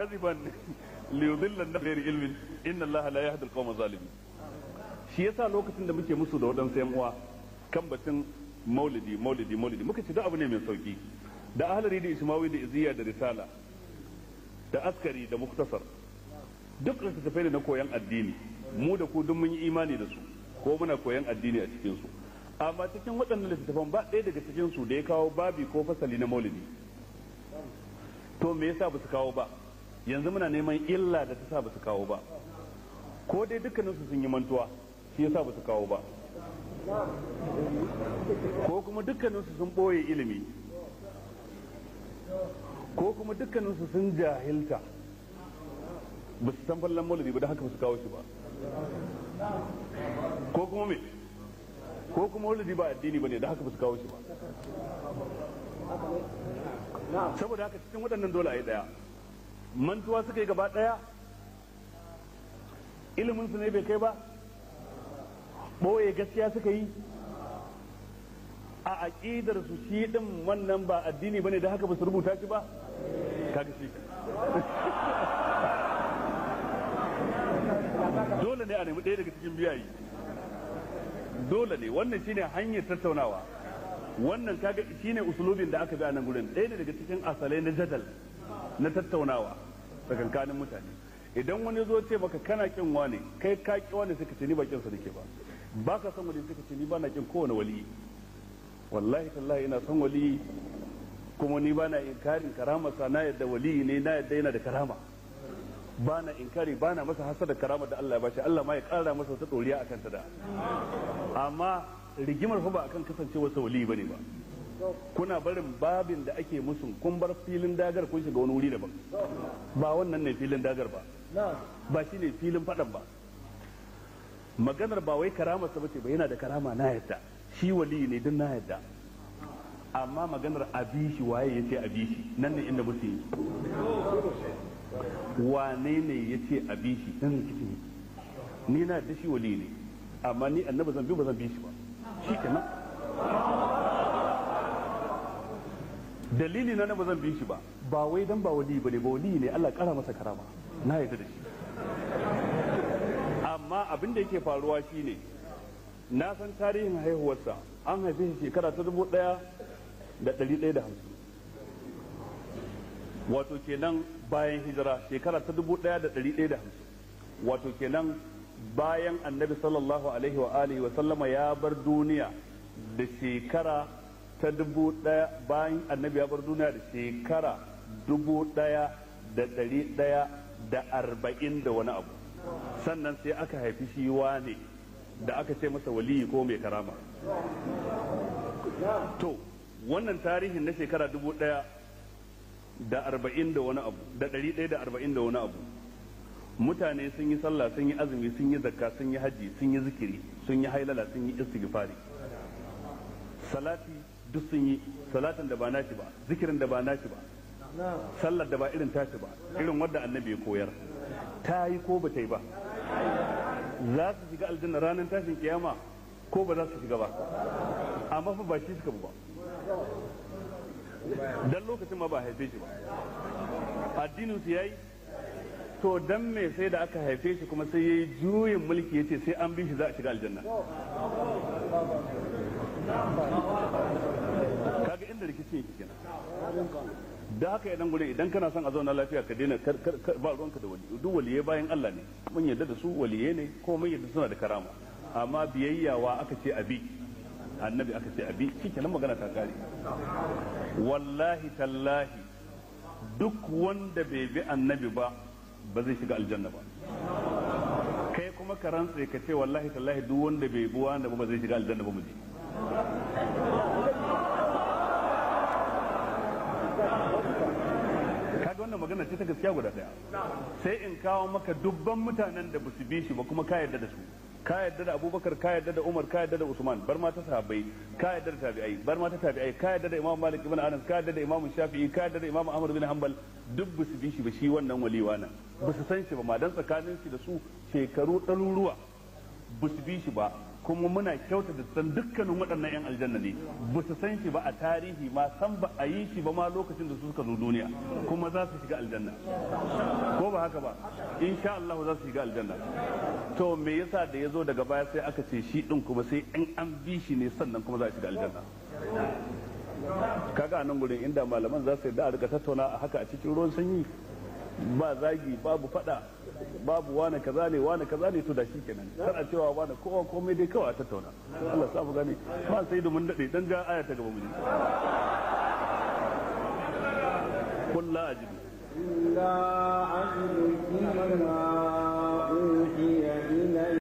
كذبا liyudilla na ghairi ilmin inna Allah la yahdi al-qawma shi yasa lokacin da muke musu da waɗansu yan uwa kan batun maulidi maulidi maulidi muka ce da abu ne mai sauki da ahlari da ismawi da iziya da risala da askari da muktasar duk littattafai ne na koyan addini mu da ku duk mun yi imani da su ko muna koyan addini a cikin su amma cikin waɗannan littattafan ba ɗaya daga cikin su da ya kawo babi ko fasali na maulidi to me yasa ba su kawo ba yanzu muna neman illa da ta sa ba su kawo ba ko dai dukkaninsu sun yi mantuwa shi sa ba su kawo ba ko kuma dukkaninsu sun ɓoye ilimi ko kuma dukkaninsu sun jahilta ba su san fallon maulidi ba da haka ba su kawo shi ba ko kuma me ko kuma maulidi ba addini ba ne da haka ba su kawo shi ba saboda haka cikin waɗannan dole a yi ɗaya mantuwa suka yi gaba daya ilimin su ne bai kai ba ɓoye gaskiya suka yi a aƙidar su shi ɗin wannan ba addini bane da haka ba su rubuta shi ba kaga shi dole ne a nemi ɗaya daga cikin biyayi dole ne wannan shine hanyar tattaunawa wannan kaga shine usulubin da aka bi a nan gurin ɗaya daga cikin asalai na jadal na tattaunawa tsakankanin mutane idan wani zo ce maka kana kin wane kai ka ki wane suka ce ni ba kin sa nake ba ba ka san wani suka ce ni ba na kin kowane wali wallahi tallahi ina san wali kuma ni ba na inkarin sa na yadda wali ne na yadda yana da karama ba na inkari ba na masa hasada karama da Allah ya bashi Allah ma ya kara masa wata doriya akan ta da amma rigimar fa ba akan kasancewa wali bane ba kuna barin babin da ake musu kun bar filin dagar kun shiga wani wuri da ba wannan ne filin dagar ba ba shi ne filin faɗan ba maganar ba wai karama ba ce ba yana da karama na yadda shi wali ne don na yadda amma maganar abishi waye ya ce abishi nan ne inda musu yi wane ne ya ce abishi nan ne kitin ni na da shi wali ne amma ni annabi zan bi ba zan bi shi ba shi kenan dalili na ba zan bi shi ba ba wai dan ba wali bane ba wali ne Allah kara masa karama na yarda da shi amma abin da yake faruwa shine na san tarihin haihuwarsa an haife shi shekara ta dubu ɗaya da ɗari ɗaya da hamsin wato kenan bayan hijira shekara ta dubu ɗaya da ɗari ɗaya da hamsin wato kenan bayan annabi sallallahu alaihi wa alihi wa sallama ya bar duniya da shekara ta dubu ɗaya bayan annabi ya bar duniya da shekara dubu ɗaya da ɗari ɗaya da arba'in da wani abu sannan sai aka haifi shi wane da aka ce masa waliyi ko mai karama to wannan tarihin na shekara dubu ɗaya da arba'in da wani abu da ɗari ɗaya da arba'in da wani abu mutane sun yi sallah sun yi azumi sun yi zakka sun yi haji sun yi zikiri sun yi hailala sun yi istighfari salati duk sun yi salatin da ba nashi ba zikirin da ba nashi ba sallar da ba irin tashi ba irin wadda annabi ya koyar ta yi ko ba ta yi ba za su shiga aljanna ranar tashin kiyama ko ba za su shiga ba amma fa ba shi suka ba dan lokacin ma ba haife shi ba addinin su yayi to dan me sai da aka haife shi kuma sai yayi juyin mulki yace sai an bi shi za a shiga aljanna kaga inda rikici yake kenan da haka idan gure idan kana son a zauna lafiya ka daina ba ruwanka da wali duk waliye bayan Allah ne mun yarda da su waliye ne ko mun yarda suna da karama amma biyayya wa aka ce abi annabi aka ce abi nan magana ta kare wallahi tallahi duk wanda bai bi annabi ba ba zai shiga aljanna ba kai kuma ka rantse ka ce wallahi tallahi duk wanda bai bi wanda ba zai shiga aljanna ba mu je wannan magana ce ta gaskiya guda daya sai in kawo maka dubban mutanen da ba su bi shi ba kuma ka yarda da su ka yarda da abubakar ka yarda da umar ka yarda da usman bar ma ta sahabbai ka yarda da tabi'ai bar ma ta tabi'ai ka yarda da imam malik ibn anas ka yarda da imam shafi'i ka yarda da imam ahmad bin hanbal duk ba su bi shi ba shi wannan waliwa na ba su san shi ba ma dan tsakanin shi da su shekaru daruruwa ba su bi shi ba kuma muna kyauta da san dukkanin waɗannan 'yan aljanna ne ba su san shi ba a tarihi ma san ba a yi shi ba ma lokacin da su suka zo duniya kuma za su shiga aljanna ko ba haka ba in sha Allah za su shiga aljanna to me yasa da ya zo daga baya sai aka ce shi din kuma sai in an bi shi ne sannan kuma za a shiga aljanna kaga a nan gurin inda malaman za su yi da a rika tattauna a haka a cikin ruwan sanyi ba zagi babu fada babu wane kaza ne wane kaza ne to da shi kenan kana a cewa wane kowa komai dai kawai a tattauna Allah sa mu gane ba sai da mun dade dan ga aya ta gaba mu ji kullu ajibi la ajibi ma uhiya